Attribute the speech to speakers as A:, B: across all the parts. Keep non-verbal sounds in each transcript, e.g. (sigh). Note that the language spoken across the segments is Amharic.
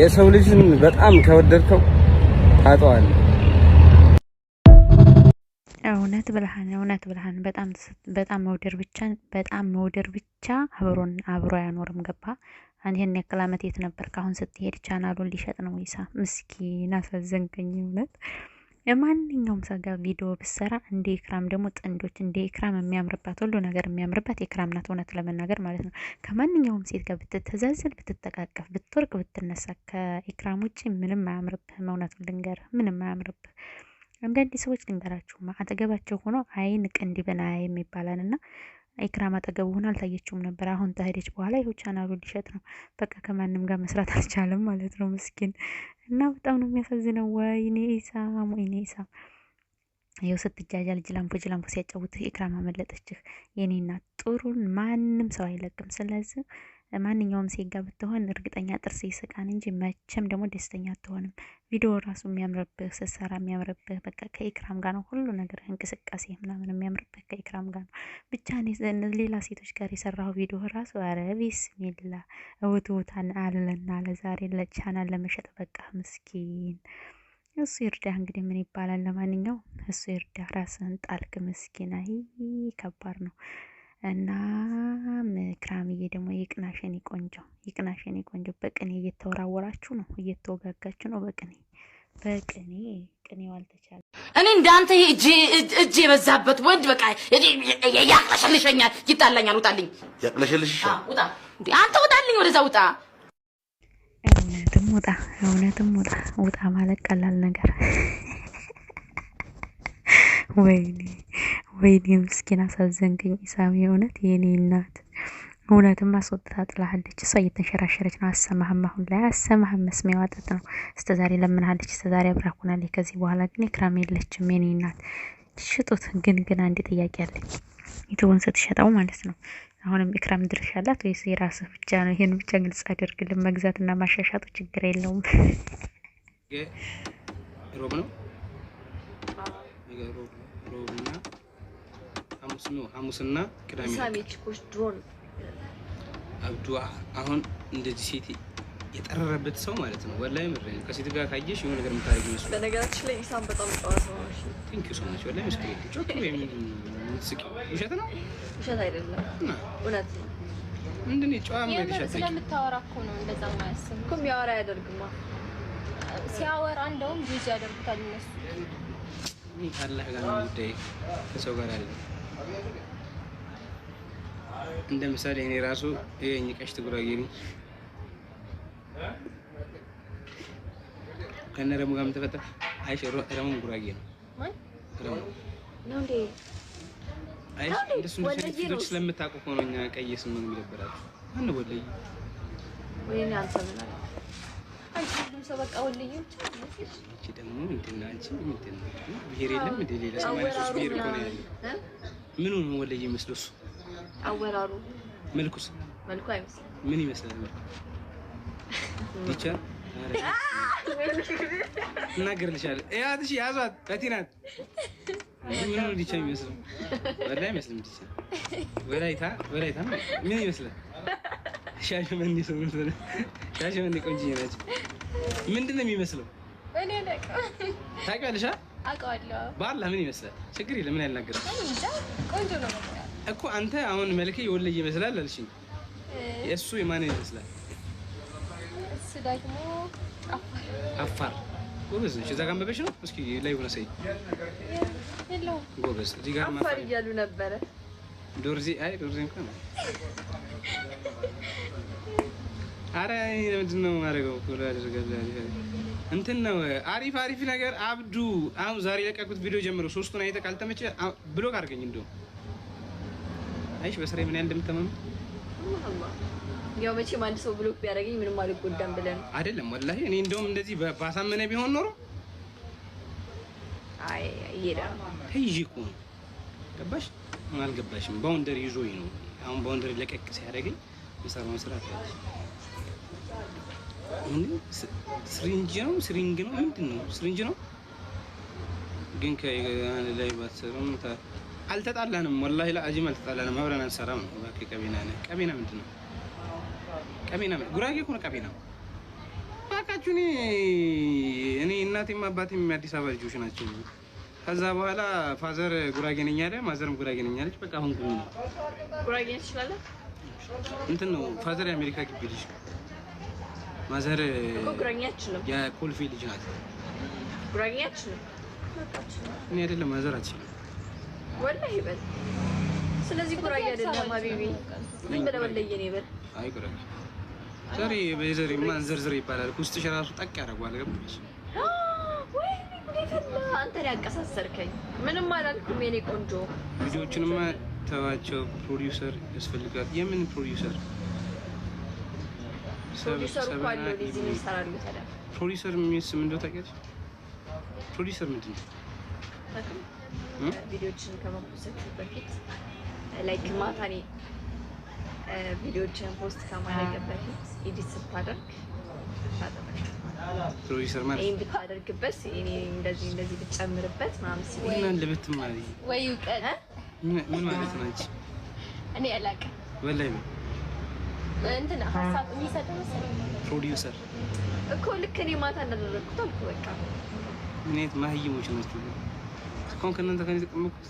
A: የሰው ልጅን በጣም ከወደድከው ታጠዋል።
B: እውነት ብልሃን፣ እውነት ብልሃን። በጣም በጣም መውደር ብቻ በጣም መውደር ብቻ አብሮን አብሮ አያኖርም። ገባ አንድ ይህን ያክል ዓመት የት ነበር? ካሁን ስትሄድ ቻናሉን ሊሸጥ ነው ይሳ ምስኪን አሳዘንከኝ እውነት ማንኛውም ሰው ጋር ቪዲዮ ብሰራ እንደ ኢክራም ደግሞ ጥንዶች እንደ ኢክራም የሚያምርባት ሁሉ ነገር የሚያምርባት ኢክራም ናት። እውነት ለመናገር ማለት ነው። ከማንኛውም ሴት ጋር ብትተዛዘል፣ ብትጠቃቀፍ፣ ብትወርቅ፣ ብትነሳ ከኢክራም ውጭ ምንም አያምርብህም። እውነቱን ልንገርህ፣ ምንም አያምርብህ። አንዳንድ ሰዎች ልንገራችሁማ አጠገባቸው ሆኖ አይን ቅንድብን አያይም ይባላል እና ኤክራም አጠገብ ሆና አልታየችውም ነበር። አሁን ተሄደች በኋላ ይሁ ቻናሉ ሊሸጥ ነው። በቃ ከማንም ጋር መስራት አልቻለም ማለት ነው ምስኪን። እና በጣም ነው የሚያሳዝነው። ወይኔ ኢሳም፣ ወይኔ ኢሳም ይኸው ስትጃጃል ጅላምቦ ጅላምቦ ሲያጫውትህ ኢክራም አመለጠችህ። የኔና ጥሩን ማንም ሰው አይለቅም። ስለዚህ ማንኛውም ሴት ጋር ብትሆን እርግጠኛ ጥርስ ይስቃን እንጂ መቼም ደግሞ ደስተኛ አትሆንም። ቪዲዮ ራሱ የሚያምርብህ ስትሰራ የሚያምርብህ በቃ ከኢክራም ጋር ነው ሁሉ ነገር እንቅስቃሴ ምናምን የሚያምርብህ ከኢክራም ጋር ነው። ብቻ ሌላ ሴቶች ጋር የሰራው ቪዲዮ ራሱ ኧረ ቢስሚላ እውትውታን አለና ለዛሬ ለቻናል ለመሸጥ በቃ ምስኪን እሱ ይርዳህ። እንግዲህ ምን ይባላል። ለማንኛው እሱ ይርዳህ። ራስህን ጣልክ ምስኪና፣ አይ ከባድ ነው። እና ክራምዬ ደግሞ ይቅናሽ ቆንጆ፣ ይቅናሽ ቆንጆ። በቅኔ እየተወራወራችሁ ነው፣ እየተወጋጋችሁ ነው። በቅኔ በቅኔ ቅኔው
C: አልተቻለ። እኔ እንዳንተ እጅ የበዛበት ወንድ በቃ ያቅለሸልሸኛል፣ ይጣላኛል። ውጣልኝ፣ ያቅለሸልሽ። አንተ ውጣልኝ፣ ወደዛ ውጣ።
B: እውነትም ውጣ፣ እውነትም ውጣ። ውጣ ማለት ቀላል ነገር ወይኔ ወይኔ ምስኪን አሳዘንክኝ ኢሳም የእውነት የኔ እናት እውነትም አስወጥታ ጥላሃለች። እሷ እየተንሸራሸረች ነው። አሰማህም አሁን ላይ አሰማህም። መስሜ ዋጠት ነው። እስከዛሬ ለምናሃለች እስከዛሬ አብራኩናለች። ከዚህ በኋላ ግን የክራም የለችም የኔ እናት። ሽጡት። ግን ግን አንድ ጥያቄ አለኝ። ይትውን ስትሸጠው ማለት ነው አሁንም ኢክራም ድርሻ አላት ወይስ የራስህ ብቻ ነው? ይሄን ብቻ ግልጽ አድርግልን። መግዛትና ማሻሻጡ ችግር የለውም።
A: ሮብና ሐሙስ ነው። ሐሙስና ቅዳሜ አብዱ አሁን እንደዚህ ሴት የጠረረበት ሰው ማለት ነው። ወላሂ ምሬ ከሴት ጋር ካየሽ የሆነ ነገር የምታደርጊው ይመስላል። በነገራችን
C: ላይ ኢሳም በጣም ጨዋ ሰው
A: ነው። ቴንክ ዩ ሶ ማች ወላሂ ምስክሬ ጮክ ብዬ የምትስቂው ውሸት ነው?
C: ውሸት አይደለም፣ እውነት
A: ነው። ምንድን ነው ጨዋ ማለት
C: ይሻል። ስለምታወራ እኮ ነው እንደዛ የማያስብ እኮ የሚያወራ ያደርግማ። ሲያወራ እንደውም ቢዚ ያደርጉታል እነሱ
A: ካላህ ጋር ነው ጉዳይ፣ ከሰው ጋር አለ እንደ ምሳሌ እኔ ራሱ ይሄኝ ቀሽት ጉራጌ ነኝ። ከነ ረሙ ጋር አይሽ ረሙ ጉራጌ ነው።
C: ረሙ ነው እንዴ?
A: አይሽ እንደሱ እንደሱ ስለምታውቁ ሆኖኛ ቀይ ስም ነው የሚደበራችሁ። ማን ወለይ
C: ወይኔ አንተ ምን በቃ ወልዬ
A: ብቻ ብሄር የለም እንደ ሌላ ሰማንያ ሦስት ብሄር ምን ሆኖ ወልዬ መስሎ እሱ አወራሩ መልኩስ መልኩ አይመስልም። ምን ይመስላል መልኩ? ብቻ እናገርልሻለሁ። እያትሽ ያዟት በቲናት ምን ነው ዲቻ ይመስላል? ወላሂ አይመስልም። ዲቻ ወላይታ ወላይታ ምን ይመስላል? ሻሸመኔ ሰው ነው። ሻሸመኔ ቆንጆ ናቸው። ምንድን ነው የሚመስለው? እኔ ነኝ። ታውቂዋለሽ?
C: አውቀዋለሁ። ባላ
A: ምን ይመስላል? ችግር የለም። ምን ያልናገር ቆንጆ ነው እኮ አንተ። አሁን መልኬ የወለየ ይመስላል አልሽኝ። እሱ የማንን ይመስላል? እሱ ደግሞ አፋር ጎበዝ ነሽ። እዛ ጋር አንበበሽ ነው። እስኪ ላይ ሆነ ሰይ
C: የለውም። ጎበዝ
A: እዚህ ጋር አፋር እያሉ ነበረ። ዶርዜ አይ ዶርዜ እንኳን (laughs) አረ ምንድን ነው የማደርገው? እንትን ነው አሪፍ አሪፍ ነገር አብዱ። አሁን ዛሬ የለቀኩት ቪዲዮ ጀምሮ ሶስቱን አይተህ ካልተመቸ ብሎክ አድርገኝ። እንደውም አይሽ በስራ ምን ያህል እንደምትተማመን
C: ያው መቼም አንድ ሰው ብሎክ ቢያደርገኝ ምንም አልጎዳም
A: ብለህ ነው አይደለም? ወላሂ እኔ እንደውም እንደዚህ ባሳመነ ቢሆን ኖሮ
C: አይ ይሄዳል።
A: ይይቁ ገባሽ አልገባሽም? ባውንደሪ ይዞኝ ነው አሁን ባውንደሪ ለቀቅ ሲያደርገኝ መስራት መስራት ስሪንጅ ነው ስሪንግ ነው ምንድን ነው ስሪንጅ ነው ግን ከአንድ ላይ ባትሰሩም አልተጣላንም። ወላሂ ለአዚም አልተጣላንም። አብረን አንሰራም ነው እባክህ። ቀቤና ነህ ቀቤና ምንድን ነው ቀቤና? ጉራጌ እኮ ነው ቀቤና። እባካችሁ እኔ እናቴም አባቴም የአዲስ አበባ ልጆች ናቸው። ከዛ በኋላ ፋዘር ጉራጌ ነኝ አለ፣ ማዘርም ጉራጌ ነኝ አለች። በቃ አሁን ጉራጌ ነች እንትን ነው ፋዘር የአሜሪካ ግቢ ልጅ ነው ማዘር የኮልፌ ልጅ ናት። ጉራኛ እኔ አይደለም ማዘር አችል
C: ወላሂ በል። ስለዚህ ጉራኛ አይደለም ሀቢቢ ዝም ብለህ ወለየኔ በል።
A: አይ ጉራኛ ዘሬ በዘሬ ማን ይባላል። ውስጥሽ ራሱ ጠቅ ያደርገዋል።
C: ገባሽ? አንተ ያቀሳሰርከኝ ምንም አላልኩም የኔ ቆንጆ።
A: ልጆችንማ ተዋቸው። ፕሮዲውሰር ያስፈልጋል። የምን ፕሮዲውሰር
C: ፕሮዲሰር እኮ አለው እንደው ታውቂያለሽ?
A: ፕሮዲሰር ምንድን ነው?
C: ከመፖስት በፊት ላይክ ማታ እኔ ፖስት ከማድረግ በፊት ስታደርግ
A: ፕሮዲሰር ማለት ይሄን
C: ብታደርግበት እኔ እንደዚህ እንደዚህ ብትጨምርበት ምናምን
A: ሲል ምን ልብት ማለት ወይ ምን ማለት ነው?
C: እኔ አላውቅም ወላሂ ነው እንትን ሀሳብ የሚሰጥ
A: መሰለኝ ፕሮዲውሰር
C: እኮ ልክ እኔ ማታ እንዳደረግኩት አልኩ።
A: በቃ ምን አይነት ማህይሞች ናቸው? እስካሁን ከእናንተ ከእኔ ተቀመጥኩት።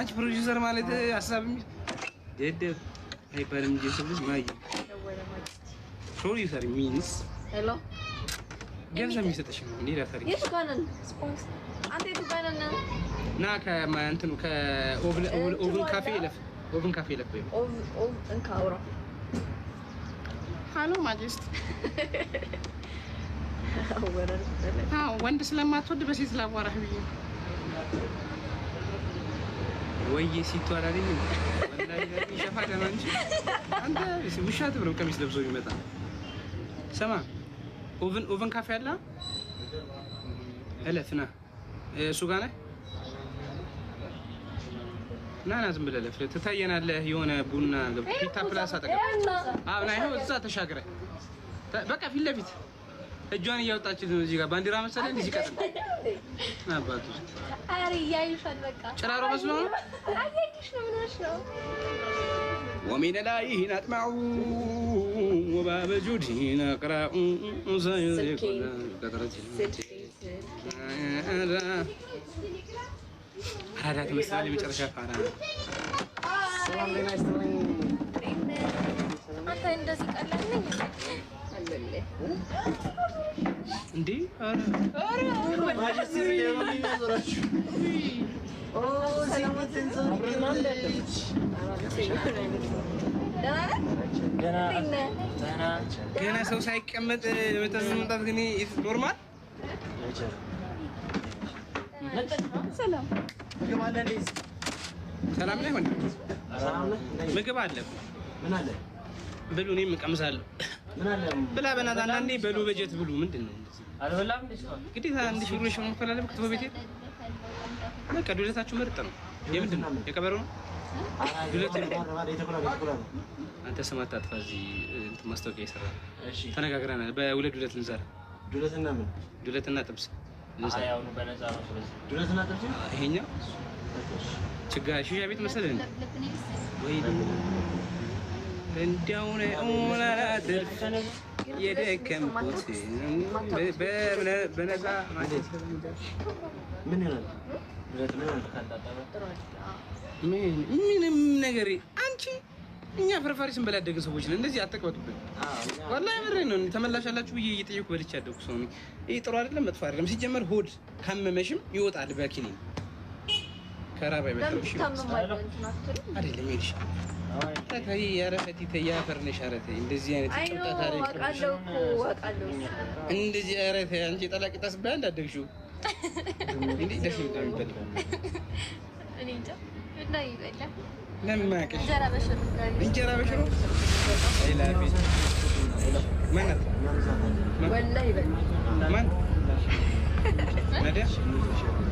A: አንቺ ፕሮዲውሰር ማለት ሀሳብ ደደብ አይባልም እንጂ የሰው ልጅ ማህይም ፕሮዲውሰር ሚንስ ሄሎ ገንዘብ የሚሰጥሽ ነው። እኔ
C: ዳታሪ የቱ ጋር ነን? አንተ የቱ ጋር
A: ና ከማንተኑ ከኦቭን ካፌ ለፍ ኦቭን ካፌ ለፍ
C: ኦቭን እንካ
D: ሀሎ ማጀስት ወንድ ስለማትወድ በሴት ላዋራህ ብዬ
A: ወይ ሲቷራ ውሻ ትብለው ቀሚስ ለብሶ ይመጣ ሰማ ኦቨን ኦቨን ካፌ አለ እለት ና እሱ ጋር ነህ ና ዝምብለለ ትታየናለህ። የሆነ ቡና ፒታ ፕላስ አጠገብ አብና ይኸው እዛ ተሻግረ በቃ ፊት ለፊት እጇን እያወጣች ነው። እዚህ ጋር ባንዲራ መሰለህ እዚህ ቀጥ አባቱ ጭራሮ መስሎ ነው። ومن لايهن أطمع وباب جودهن أقرأ سيذكر كثرة ታዲያ ትመስላለህ። የመጨረሻ ፋራ ነው። ገና ሰው ሳይቀመጥ መምጣት ግን ኖርማል ሰላም ላይ ሆነ ምግብ አለ ብሉ፣ እኔም እቀምሳለሁ። ብላ በእናትህ አንዳንዴ በሉ በጀት ብሉ። ምንድን ነው ግዴታ አንድ ሺህ ብሎሽ መሞከል አለብህ። ክትፎ ቤቴ በቃ ዱለታችሁ ምርጥ ነው። የምንድን ነው የቀበሮ ነው ዱለት። አንተ ስም አታጥፋ፣ እዚህ እንትን ማስታወቂያ ይሰራል። ተነጋግረናል። በሁለት ዱለት ልንሰራ ዱለትና ምን ዱለትና ጥብስ ይሄኛው ችጋ ሺሻ ቤት መሰለህ እንዲያው የደከምኩት በነፃ ማለት ምን ምንም ነገር አንቺ እኛ ፈርፋሪ ስንበል ያደገ ሰዎች ነን። እንደዚህ አትቅበጡብን። ወላሂ ምሬ ነው። ተመላሻላችሁ ብዬ እየጠየኩ በልቼ ያደጉ ሰው ነኝ። ይህ ጥሩ አይደለም፣ መጥፎ አይደለም። ሲጀመር ሆድ ካመመሽም ይወጣል በኪኒ አይደለም ይልሽ ተይ
C: እንደዚህ አይነት ታሪክ
A: እንደዚህ አንቺ (laughs) እንዴ ደሽ
C: እኔ እንጃ እና
A: ለምን ማያውቅሽ? እንጀራ በሽሮ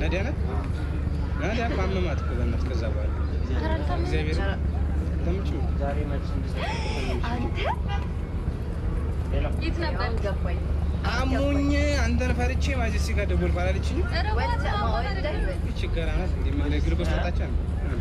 A: ነዲያ ናት። ነዲያ አመማት እኮ በእናትህ። ከዛ በኋላ አሞኝ አንተን ፈርቼ ማጀስቲካ ደወልኩ አላለችኝም?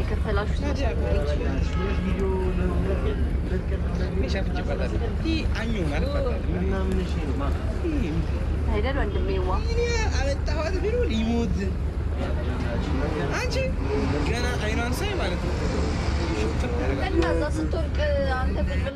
A: የከፈላችሁ ሊሞት አንቺ ገና አይኗን ሳይ ማለት ነው